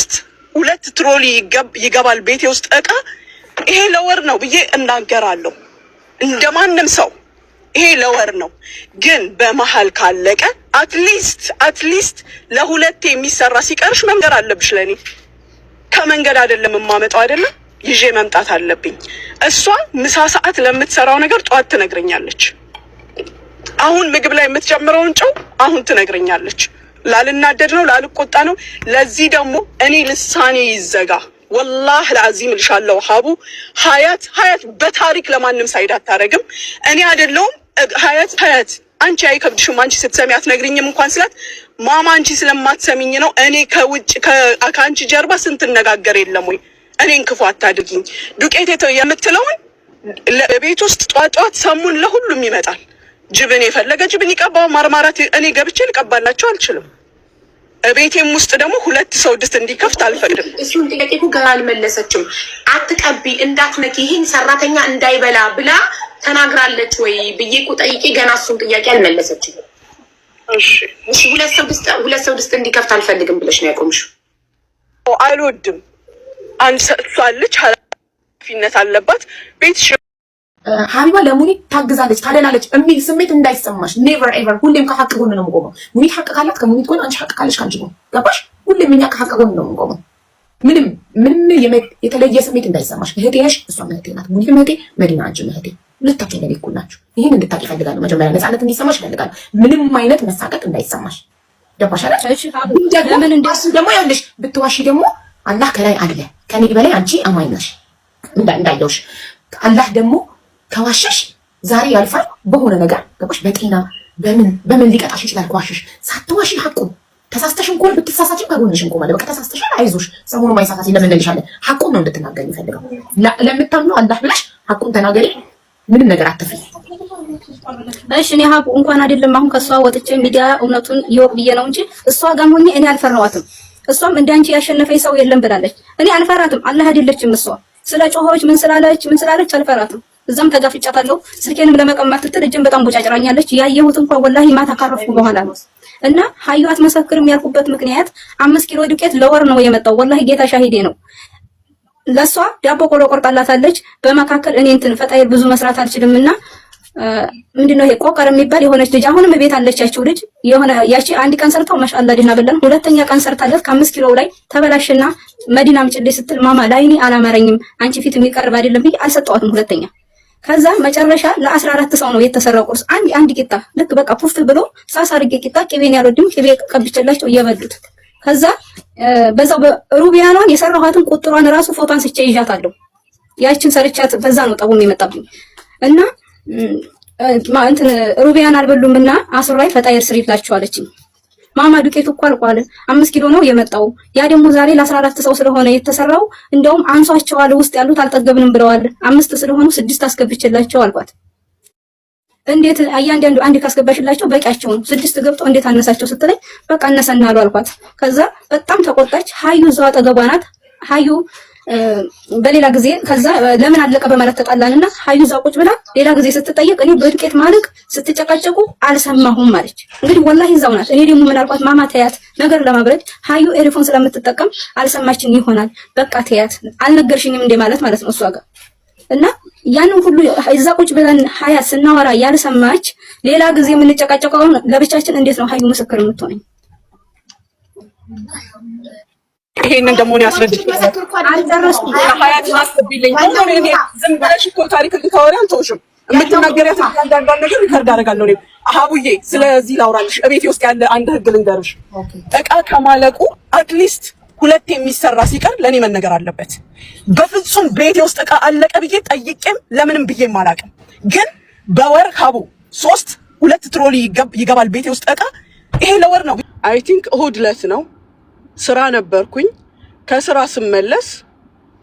ውስጥ ሁለት ትሮሊ ይገባል ቤቴ ውስጥ እቃ። ይሄ ለወር ነው ብዬ እናገራለሁ እንደ ማንም ሰው ይሄ ለወር ነው። ግን በመሀል ካለቀ አትሊስት አትሊስት ለሁለት የሚሰራ ሲቀርሽ መንገድ አለብሽ። ለእኔ ከመንገድ አይደለም የማመጣው አይደለም ይዤ መምጣት አለብኝ። እሷ ምሳ ሰዓት ለምትሰራው ነገር ጠዋት ትነግረኛለች። አሁን ምግብ ላይ የምትጨምረውን ጨው አሁን ትነግረኛለች። ላልናደድ ነው፣ ላልቆጣ ነው። ለዚህ ደግሞ እኔ ልሳኔ ይዘጋ። ወላህ ለአዚም እልሻለሁ ሀቡ ሀያት ሀያት በታሪክ ለማንም ሳይድ አታረግም። እኔ አይደለውም ሀያት ሀያት አንቺ አይከብድሽም፣ አንቺ ስትሰሚ አትነግሪኝም እንኳን ስላት ማማ አንቺ ስለማትሰሚኝ ነው። እኔ ከውጭ ከአንቺ ጀርባ ስንትነጋገር የለም ወይ እኔን ክፉ አታድርጊኝ። ዱቄት የምትለውን ቤት ውስጥ ጧጧት ሰሙን ለሁሉም ይመጣል። ጅብን የፈለገ ጅብን ይቀባው። ማርማራት እኔ ገብቼ ልቀባላቸው አልችልም። ቤቴም ውስጥ ደግሞ ሁለት ሰው ድስት እንዲከፍት አልፈቅድም። እሱን ጥያቄ እኮ ገና አልመለሰችም። አትቀቢ እንዳትነኪ፣ ይህን ሰራተኛ እንዳይበላ ብላ ተናግራለች ወይ ብዬ እኮ ጠይቄ ገና እሱን ጥያቄ አልመለሰችም። እሺ ሁለት ሰው ድስት እንዲከፍት አልፈልግም ብለሽ ነው ያቆምሽው? አልወድም። አንድ ሰጥቷለች፣ ኃላፊነት አለባት ቤት ሀቢባ ለሙኒት ታግዛለች፣ ታደላለች የሚል ስሜት እንዳይሰማሽ። ኔቨር ኤቨር። ሁሌም ከሀቅ ጎን ነው የምቆመው። ሙኒት ሀቅ ካላት ከሙኒት ጎን፣ አንቺ ሀቅ ካለሽ ከአንቺ ጎን። ገባሽ? ሁሌም እኛ ከሀቅ ጎን ነው የምንቆመው። ምንም ምንም የተለየ ስሜት እንዳይሰማሽ። እህቴ ነሽ፣ እሷም እህቴ ናት። ሙኒትም እህቴ፣ መዲና አንቺም እህቴ። ሁለታችሁ ለኔ እኩል ናችሁ። ይህን እንድታቂ ይፈልጋሉ። መጀመሪያ ነፃነት እንዲሰማሽ ይፈልጋሉ። ምንም አይነት መሳቀቅ እንዳይሰማሽ። ገባሽ? ደግሞ ያለሽ ብትዋሺ ደግሞ አላህ ከላይ አለ። ከኔ በላይ አንቺ አማኝ ነሽ እንዳየውሽ አላህ ደግሞ ከዋሸሽ ዛሬ ያልፋል። በሆነ ነገር ገባሽ? በጤና በምን በምን ሊቀጣሽ ይችላል? ከዋሸሽ ሳትዋሽ ሀቁ ተሳስተሽ እንኳን ብትሳሳች ከጎንሽ እንቆማለን። በቃ ተሳስተሽ አይዞሽ፣ ሰሞኑን ማይሳሳት ለምንልሻለን። ሀቁን ነው እንድትናገር የሚፈልገው። ለምታምኑ አላህ ብለሽ ሀቁን ተናገሪ። ምንም ነገር አትፍሪ። እሺ እኔ ሀቁ እንኳን አይደለም አሁን ከእሷ ወጥቼ ሚዲያ እውነቱን ይወቅ ብዬ ነው እንጂ እሷ ጋም ሆኜ እኔ አልፈራዋትም። እሷም እንዳንቺ ያሸነፈኝ ሰው የለም ብላለች። እኔ አልፈራትም። አላህ አይደለችም እሷ ስለ ጮኸች ምን ስላለች ምን ስላለች አልፈራትም። እዛም ተጋፍጫታለሁ። ስልኬንም ለመቀማት ትትል በጣም ቦጫጭራኛለች። ያየሁት እንኳን ወላሂ ማታ ካረፍኩ በኋላ ነው። እና ሀዩ አትመሰክርም ያልኩበት ምክንያት አምስት ኪሎ ዱቄት ለወር ነው የመጣው። ወላሂ ጌታ ሻሂዴ ነው። ለሷ ዳቦ ቆሎ ቆርጣላታለች። በመካከል እኔ እንትን ፈጣይር ብዙ መስራት አልችልምና ምንድነው ይሄ ቆቀር የሚባል የሆነች ልጅ አሁንም ቤት ያቺው ልጅ የሆነ ያቺ አንድ ቀን ሰርታው ማሻአላ ዲና በላን። ሁለተኛ ቀን ሰርታለት ከአምስት ኪሎ ላይ ተበላሽና መዲናም አምጪልኝ ስትል ማማ ላይኔ አላማረኝም አንቺ ፊት የሚቀርብ አይደለም ብዬ አልሰጠዋትም። ሁለተኛ ከዛ መጨረሻ ለ14 ሰው ነው የተሰራው ቁርስ። አንድ አንድ ቂጣ ልክ በቃ ፑፍ ብሎ ሳስ አድርጌ ቂጣ ቅቤን ያልወድም ቅቤ ቀብቼላቸው እየበሉት ከዛ በዛው በሩቢያኗን የሰራኋትን ቁጥሯን ራሱ ፎቶ ስቼ ይዣታለሁ። ያችን ሰርቻት በዛ ነው ጠቡም የመጣብኝ እና እንትን ሩቢያን አልበሉምና አስር ላይ ፈጣየር ስሪላችሁ አለችኝ። ማማ ዱቄቱ እኮ አልቋል። አምስት ኪሎ ነው የመጣው። ያ ደግሞ ዛሬ ለአስራ አራት ሰው ስለሆነ የተሰራው እንደውም አንሷቸዋል። ውስጥ ያሉት አልጠገብንም ብለዋል። አምስት ስለሆኑ ስድስት አስገብችላቸው አልኳት። እንዴት እያንዳንዱ አንድ ካስገባሽላቸው በቂያቸው ነው፣ ስድስት ገብተው እንዴት አነሳቸው ስትለኝ በቃ አነሰናሉ አልኳት። ከዛ በጣም ተቆጣች። ሀዩ እዛው አጠገቧ ናት። ሀዩ በሌላ ጊዜ ከዛ ለምን አለቀ በማለት ተጣላንና ሀዩ ዛቆች ቁጭ ብላ ሌላ ጊዜ ስትጠየቅ እኔ በዱቄት ማለቅ ስትጨቃጨቁ አልሰማሁም አለች። እንግዲህ ወላሂ እዛው ናት። እኔ ደግሞ ምን አልኳት ማማ ተያት ነገር ለማብረድ ሀዩ ኤሪፎን ስለምትጠቀም አልሰማችን ይሆናል በቃ ተያት አልነገርሽኝም እንደ ማለት ማለት ነው እሷ ጋር እና ያንን ሁሉ እዛ ቁጭ ብለን ሀያት ስናወራ ያልሰማች ሌላ ጊዜ የምንጨቃጨቀው ለብቻችን እንዴት ነው ሀዩ ምስክር የምትሆነኝ? ይሄንን ደግሞ ነው ያስረዳኝ። ዝም ብለሽ እኮ ታሪክ ልታወሪ አልተውሽም። የምትናገሪያት ነገር ሪከርድ አደርጋለሁ አሀቡዬ ስለዚህ ላውራልሽ። እቤቴ ውስጥ ያለ አንድ ህግ ልንገርሽ። እቃ ከማለቁ አትሊስት ሁለት የሚሰራ ሲቀር ለእኔ መነገር አለበት። በፍጹም ቤቴ ውስጥ እቃ አለቀ ብዬ ጠይቄም ለምንም ብዬም አላውቅም። ግን በወር ሀቡ ሶስት ሁለት ትሮሊ ይገባል ቤቴ ውስጥ እቃ። ይሄ ለወር ነው። አይ ቲንክ እሁድ ዕለት ነው ስራ ነበርኩኝ። ከስራ ስመለስ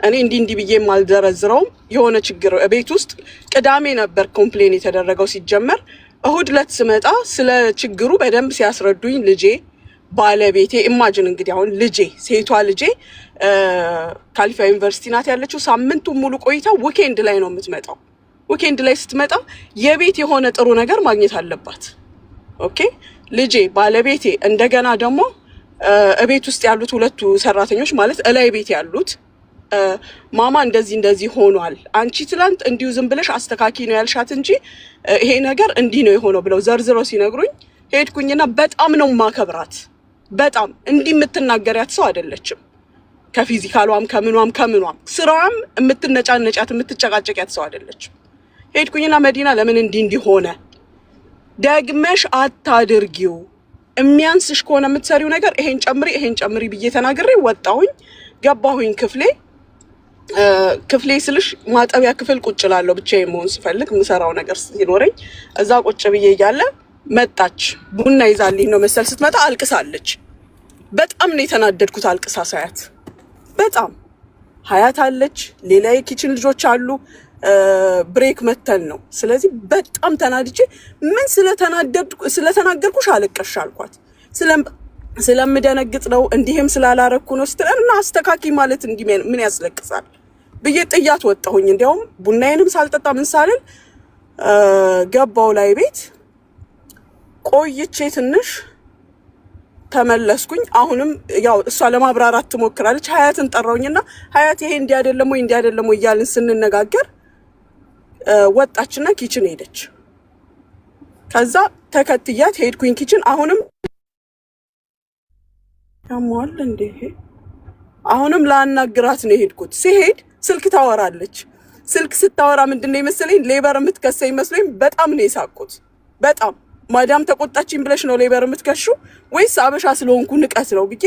እኔ እንዲህ እንዲህ ብዬ አልዘረዝረውም። የሆነ ችግር ቤት ውስጥ ቅዳሜ ነበር ኮምፕሌን የተደረገው ሲጀመር። እሁድ ዕለት ስመጣ ስለ ችግሩ በደንብ ሲያስረዱኝ ልጄ ባለቤቴ ኢማጅን እንግዲህ አሁን ልጄ ሴቷ ልጄ ካሊፊያ ዩኒቨርሲቲ ናት ያለችው። ሳምንቱን ሙሉ ቆይታ ዊኬንድ ላይ ነው የምትመጣው። ዊኬንድ ላይ ስትመጣ የቤት የሆነ ጥሩ ነገር ማግኘት አለባት። ኦኬ ልጄ ባለቤቴ እንደገና ደግሞ እቤት ውስጥ ያሉት ሁለቱ ሰራተኞች ማለት እላይ ቤት ያሉት ማማ እንደዚህ እንደዚህ ሆኗል፣ አንቺ ትላንት እንዲሁ ዝም ብለሽ አስተካኪ ነው ያልሻት እንጂ ይሄ ነገር እንዲህ ነው የሆነው ብለው ዘርዝረው ሲነግሩኝ ሄድኩኝና በጣም ነው ማከብራት። በጣም እንዲህ የምትናገሪያት ሰው አይደለችም። ከፊዚካሏም ከምኗም ከምኗም ስራዋም የምትነጫነጫት የምትጨቃጨቂያት ሰው አይደለችም። ሄድኩኝና መዲና ለምን እንዲህ እንዲህ ሆነ ደግመሽ አታድርጊው የሚያንስሽ ከሆነ የምትሰሪው ነገር ይሄን ጨምሪ ይሄን ጨምሪ ብዬ ተናግሬ ወጣሁኝ። ገባሁኝ ክፍሌ ክፍሌ ስልሽ ማጠቢያ ክፍል ቁጭ ላለሁ ብቻዬን መሆን ስፈልግ የምሰራው ነገር ሲኖረኝ እዛ ቁጭ ብዬ እያለ መጣች። ቡና ይዛልኝ ነው መሰል ስትመጣ አልቅሳለች። በጣም ነው የተናደድኩት አልቅሳ ሳያት በጣም ሀያት አለች። ሌላ የኪችን ልጆች አሉ። ብሬክ መተን ነው። ስለዚህ በጣም ተናድቼ ምን ስለተናገርኩሽ አለቀሽ አልኳት። ስለምደነግጥ ነው እንዲህም ስላላረግኩ ነው ስትል እና አስተካኪ ማለት እንዲህ ምን ያስለቅሳል ብዬ ጥያት ወጣሁኝ። እንዲያውም ቡናዬንም ሳልጠጣ ምን ሳልል ገባው ላይ ቤት ቆይቼ ትንሽ ተመለስኩኝ። አሁንም ያው እሷ ለማብራራት ትሞክራለች። ሀያትን ጠራውኝና ሀያት ይሄ እንዲህ አይደለም ወይ እንዲህ አይደለም ወይ እያልን ስንነጋገር ወጣችና ኪችን ሄደች። ከዛ ተከትያት ሄድኩኝ ኪችን። አሁንም ያሟል እንዴ! አሁንም ላናግራት ነው የሄድኩት። ሲሄድ ስልክ ታወራለች። ስልክ ስታወራ ምንድን ነው የመሰለኝ ሌበር የምትከሰ ይመስለኝ። በጣም ነው የሳቁት። በጣም ማዳም ተቆጣችኝ ብለሽ ነው ሌበር የምትከሹ ወይስ አበሻ ስለሆንኩ ንቀት ነው ብዬ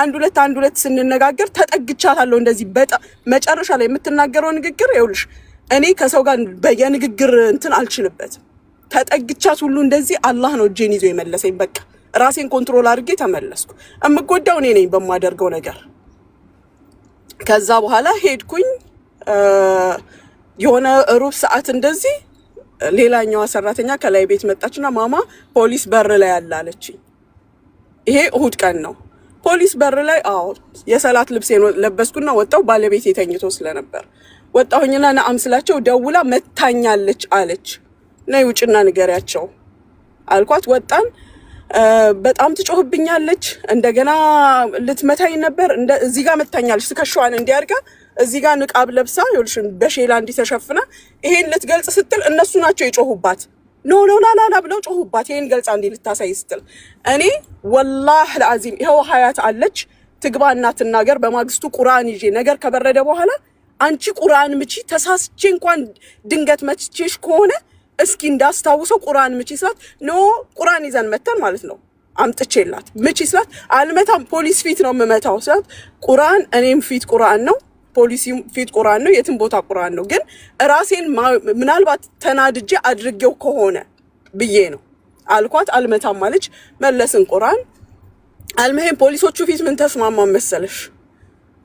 አንድ ሁለት አንድ ሁለት ስንነጋገር ተጠግቻታለሁ። እንደዚህ በጣም መጨረሻ ላይ የምትናገረው ንግግር ይኸውልሽ እኔ ከሰው ጋር በየንግግር እንትን አልችልበትም። ተጠግቻት ሁሉ እንደዚህ አላህ ነው እጄን ይዞ የመለሰኝ። በቃ ራሴን ኮንትሮል አድርጌ ተመለስኩ። እምጎዳው እኔ ነኝ በማደርገው ነገር። ከዛ በኋላ ሄድኩኝ የሆነ ሩብ ሰዓት እንደዚህ ሌላኛዋ ሰራተኛ ከላይ ቤት መጣችና ማማ ፖሊስ በር ላይ አለ አለችኝ። ይሄ እሁድ ቀን ነው። ፖሊስ በር ላይ አዎ፣ የሰላት ልብሴ ለበስኩና ወጣው ባለቤት ተኝቶ ስለነበር ወጣሁኝና ነአም ስላቸው ደውላ መታኛለች አለች። ነይ ውጭና ንገሪያቸው አልኳት። ወጣን። በጣም ትጮህብኛለች። እንደገና ልትመታኝ ነበር። እዚህ ጋር መታኛለች። ትከሻዋን እንዲያርጋ እዚህ ጋር ንቃብ ለብሳ ይልሽን በሼላ እንዲተሸፍና ይሄን ልትገልጽ ስትል እነሱ ናቸው የጮሁባት። ኖ ኖ ላላላ ብለው ጮሁባት። ይሄን ገልጻ እንዲህ ልታሳይ ስትል እኔ ወላህ ለአዚም ይኸው ሀያት አለች ትግባና ትናገር። በማግስቱ ቁርአን ይዤ ነገር ከበረደ በኋላ አንቺ ቁርአን ምቺ ተሳስቼ እንኳን ድንገት መትቼሽ ከሆነ እስኪ እንዳስታውሰው ቁርአን ምቺ ስላት ኖ ቁርአን ይዘን መተን ማለት ነው አምጥቼላት ምቺ ስላት አልመታም፣ ፖሊስ ፊት ነው የምመታው ስላት ቁርአን እኔም ፊት ቁርአን ነው ፖሊሲ ፊት ቁርአን ነው የትም ቦታ ቁርአን ነው። ግን ራሴን ምናልባት ተናድጄ አድርጌው ከሆነ ብዬ ነው አልኳት። አልመታም አለች። መለስን ቁርአን አልመሄን ፖሊሶቹ ፊት ምን ተስማማ መሰለሽ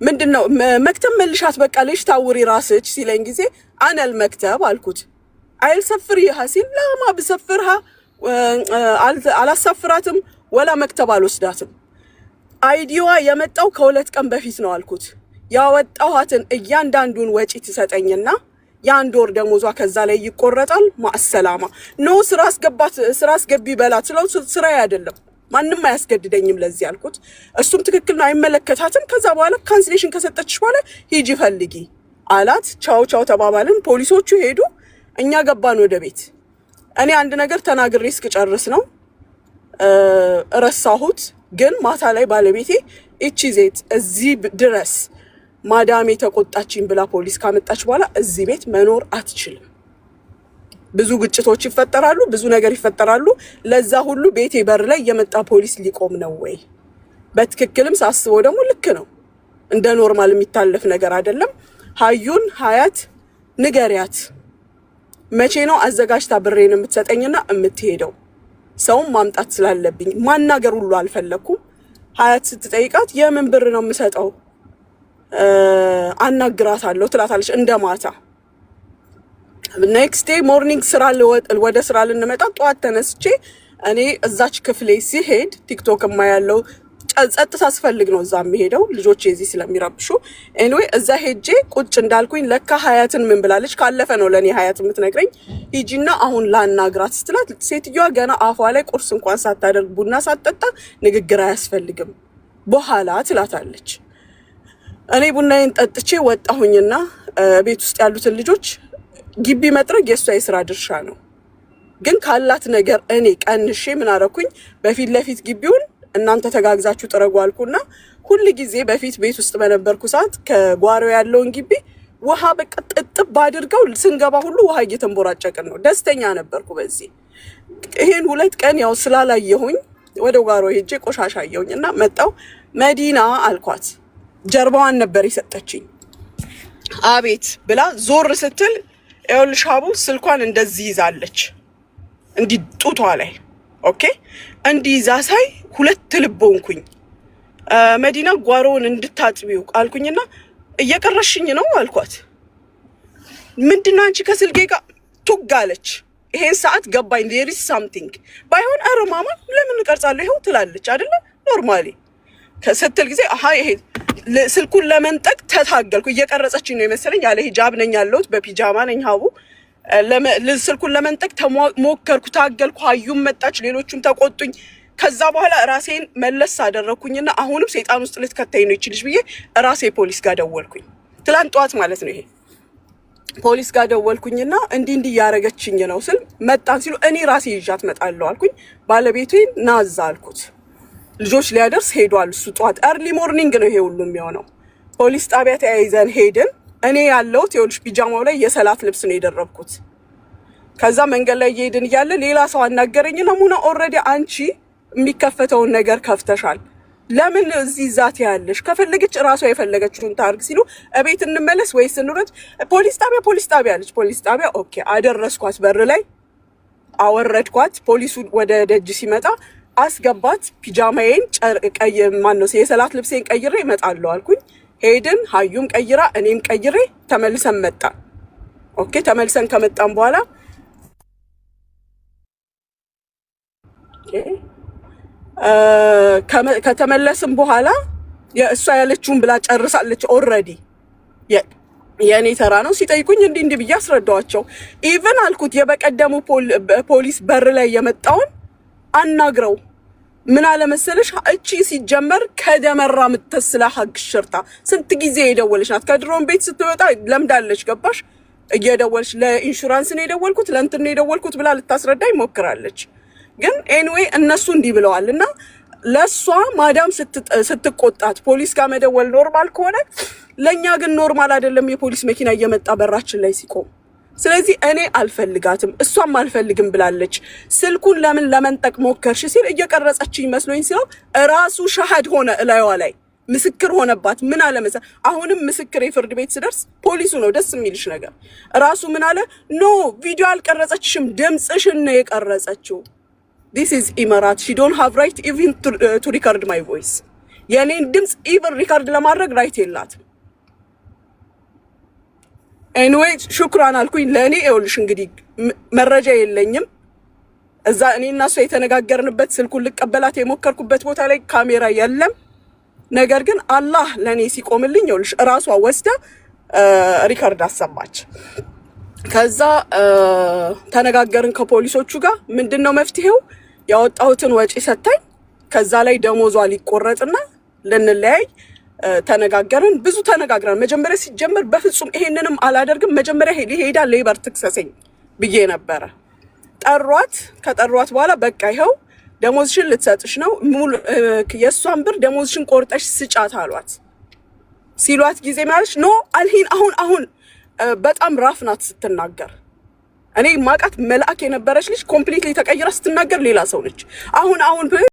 ምንድን ነው መክተብ መልሻት በቃ ልጅ ታውሪ ራስች ሲለኝ ጊዜ አነል መክተብ አልኩት። አይልሰፍር ይህ ሲል ላማ ብሰፍርሃ አላሳፍራትም ወላ መክተብ አልወስዳትም። አይዲዋ የመጣው ከሁለት ቀን በፊት ነው አልኩት። ያወጣኋትን እያንዳንዱን ወጪ ትሰጠኝና የአንድ ወር ደሞዟ ከዛ ላይ ይቆረጣል። ማሰላማ ኖ ስራ አስገባት ስራ አስገቢ በላት ስለው ስራ አይደለም ማንም አያስገድደኝም ለዚህ አልኩት እሱም ትክክል ነው፣ አይመለከታትም። ከዛ በኋላ ካንስሌሽን ከሰጠችሽ በኋላ ሂጂ ፈልጊ አላት። ቻው ቻው ተባባልን። ፖሊሶቹ ሄዱ፣ እኛ ገባን ወደ ቤት። እኔ አንድ ነገር ተናግሬ እስክጨርስ ነው ረሳሁት። ግን ማታ ላይ ባለቤቴ እቺ ዜት እዚህ ድረስ ማዳሜ ተቆጣችኝ ብላ ፖሊስ ካመጣች በኋላ እዚህ ቤት መኖር አትችልም ብዙ ግጭቶች ይፈጠራሉ፣ ብዙ ነገር ይፈጠራሉ። ለዛ ሁሉ ቤቴ በር ላይ የመጣ ፖሊስ ሊቆም ነው ወይ? በትክክልም ሳስበው ደግሞ ልክ ነው። እንደ ኖርማል የሚታለፍ ነገር አይደለም። ሀዩን ሀያት ንገሪያት፣ መቼ ነው አዘጋጅታ ብሬን የምትሰጠኝና የምትሄደው? ሰውም ማምጣት ስላለብኝ ማናገር ሁሉ አልፈለግኩም። ሀያት ስትጠይቃት የምን ብር ነው የምሰጠው አናግራታለሁ ትላታለች እንደ ማታ ኔክስት ዴይ ሞርኒንግ ስራ ወደ ስራ ልንመጣ ጠዋት ተነስቼ እኔ እዛች ክፍሌ ሲሄድ ቲክቶክ ማ ያለው ጸጥ ሳስፈልግ ነው እዛ የሚሄደው ልጆች የዚህ ስለሚረብሹ። ኤኒዌይ እዛ ሄጄ ቁጭ እንዳልኩኝ ለካ ሀያትን ምን ብላለች፣ ካለፈ ነው ለእኔ ሀያት የምትነግረኝ። ሂጂና አሁን ላናግራት ስትላት ሴትዮዋ ገና አፏ ላይ ቁርስ እንኳን ሳታደርግ ቡና ሳትጠጣ ንግግር አያስፈልግም በኋላ ትላታለች። እኔ ቡናዬን ጠጥቼ ወጣሁኝና ቤት ውስጥ ያሉትን ልጆች ግቢ መጥረግ የእሷ የስራ ድርሻ ነው። ግን ካላት ነገር እኔ ቀንሼ ምን አረኩኝ? በፊት ለፊት ግቢውን እናንተ ተጋግዛችሁ ጥረጉ አልኩና ሁል ጊዜ በፊት ቤት ውስጥ በነበርኩ ሰዓት ከጓሮ ያለውን ግቢ ውሃ በቃ ጥጥብ አድርገው ስንገባ ሁሉ ውሃ እየተንቦራጨቅን ነው። ደስተኛ ነበርኩ በዚህ። ይሄን ሁለት ቀን ያው ስላላየሁኝ ወደ ጓሮ ሄጄ ቆሻሻ አየሁኝ እና መጣው መዲና አልኳት። ጀርባዋን ነበር የሰጠችኝ። አቤት ብላ ዞር ስትል ይኸውልሽ ሀቡ ስልኳን እንደዚህ ይዛለች፣ እንዲህ ጡቷ ላይ ኦኬ፣ እንዲህ ይዛ ሳይ ሁለት ልብ ሆንኩኝ። መዲና ጓሮውን እንድታጥቢው አልኩኝና እየቀረሽኝ ነው አልኳት። ምንድን ነው አንቺ ከስልጌ ጋር ቱግ አለች። ይሄን ሰዓት ገባኝ። ዴሪስ ሳምቲንግ ባይሆን አረ ማማ ለምን እቀርጻለሁ ይኸው ትላለች አይደለ ኖርማሊ ስትል ጊዜ አሀ ይሄ ስልኩን ለመንጠቅ ተታገልኩ። እየቀረጸችኝ ነው የመሰለኝ። ያለ ሂጃብ ነኝ ያለሁት፣ በፒጃማ ነኝ። ሀቡ ስልኩን ለመንጠቅ ሞከርኩ፣ ታገልኩ። አዩም መጣች፣ ሌሎቹም ተቆጡኝ። ከዛ በኋላ ራሴን መለስ አደረግኩኝና አሁንም ሴጣን ውስጥ ልትከተኝ ነው ይችልሽ ብዬ ራሴ ፖሊስ ጋር ደወልኩኝ። ትላንት ጠዋት ማለት ነው ይሄ ፖሊስ ጋር ደወልኩኝና እንዲህ እንዲህ እያደረገችኝ ነው ስል መጣን ሲሉ እኔ ራሴ ይዣት እመጣለሁ አልኩኝ። ባለቤቴን ናዛ አልኩት። ልጆች ሊያደርስ ሄዷል። እሱ ጠዋት አርሊ ሞርኒንግ ነው ይሄ ሁሉ የሚሆነው። ፖሊስ ጣቢያ ተያይዘን ሄድን። እኔ ያለሁት የልጅ ፒጃማው ላይ የሰላት ልብስ ነው የደረብኩት። ከዛ መንገድ ላይ እየሄድን እያለ ሌላ ሰው አናገረኝ። ነሙና ኦልሬዲ አንቺ የሚከፈተውን ነገር ከፍተሻል፣ ለምን እዚህ ዛት ያለሽ? ከፈለገች ራሷ የፈለገችውን ታርግ ሲሉ እቤት እንመለስ ወይስ እንውረድ? ፖሊስ ጣቢያ ፖሊስ ጣቢያ አለች። ፖሊስ ጣቢያ ኦኬ፣ አደረስኳት በር ላይ አወረድኳት። ፖሊሱ ወደ ደጅ ሲመጣ አስገባት። ፒጃማዬን ቀይ ማን ነው የሰላት ልብሴን ቀይሬ እመጣለሁ አልኩኝ። ሄድን። ሀዩም ቀይራ እኔም ቀይሬ ተመልሰን መጣን። ኦኬ ተመልሰን ከመጣን በኋላ ከተመለስን በኋላ የእሷ ያለችውን ብላ ጨርሳለች ኦልሬዲ የእኔ ተራ ነው ሲጠይቁኝ እንዲህ እንዲህ ብዬ አስረዳዋቸው። ኢቨን አልኩት የበቀደሙ ፖሊስ በር ላይ የመጣውን አናግረው ምን መሰለሽ፣ እቺ ሲጀመር ከደመራ ምተስላ ሀግ ሽርታ ስንት ጊዜ የደወለች ናት። ከድሮን ቤት ስትወጣ ለምዳለች። ገባሽ እየደወለች ለኢንሹራንስ ነው የደወልኩት ለእንትን ነው የደወልኩት ብላ ልታስረዳ ይሞክራለች። ግን ኤኒዌይ እነሱ እንዲህ ብለዋል እና ለእሷ ማዳም ስትቆጣት ፖሊስ ጋር መደወል ኖርማል ከሆነ ለእኛ ግን ኖርማል አይደለም። የፖሊስ መኪና እየመጣ በራችን ላይ ሲቆም ስለዚህ እኔ አልፈልጋትም እሷም አልፈልግም ብላለች። ስልኩን ለምን ለመንጠቅ ሞከርሽ ሲል እየቀረጸችኝ መስሎኝ ሲለው ራሱ ሻሃድ ሆነ እላዩዋ ላይ ምስክር ሆነባት። ምን አለ መሰ አሁንም ምስክር የፍርድ ቤት ስደርስ ፖሊሱ ነው ደስ የሚልሽ ነገር ራሱ ምን አለ ኖ ቪዲዮ አልቀረጸችሽም፣ ድምፅሽን ነው የቀረጸችው። ዲስ ኢዝ ኢመራት ሺ ዶንት ሃቭ ራይት ኢቭን ቱ ሪከርድ ማይ ቮይስ። የእኔን ድምፅ ኢቭን ሪከርድ ለማድረግ ራይት የላትም። ኤኒዌይ ሹክራን አልኩኝ። ለእኔ ይኸውልሽ እንግዲህ መረጃ የለኝም። እዛ እኔ እና እሷ የተነጋገርንበት ስልኩን ልቀበላት የሞከርኩበት ቦታ ላይ ካሜራ የለም። ነገር ግን አላህ ለእኔ ሲቆምልኝ ይኸውልሽ እራሷ ወስዳ ሪከርድ አሰማች። ከዛ ተነጋገርን ከፖሊሶቹ ጋር። ምንድን ነው መፍትሄው? ያወጣሁትን ወጪ ሰታኝ። ከዛ ላይ ደሞዟ ሊቆረጥና ልንለያይ ተነጋገርን። ብዙ ተነጋግረን መጀመሪያ ሲጀመር በፍጹም ይሄንንም አላደርግም መጀመሪያ ሄዳ ሌበር ትክሰሰኝ ብዬ ነበረ። ጠሯት። ከጠሯት በኋላ በቃ ይኸው ደሞዝሽን ልትሰጥሽ ነው፣ የእሷን ብር ደሞዝሽን ቆርጠሽ ስጫት አሏት። ሲሏት ጊዜ ማለች ኖ አልሂን አሁን አሁን በጣም ራፍ ናት ስትናገር እኔ ማቃት መልአክ የነበረች ልጅ ኮምፕሊትሊ ተቀይራ ስትናገር ሌላ ሰው ነች። አሁን አሁን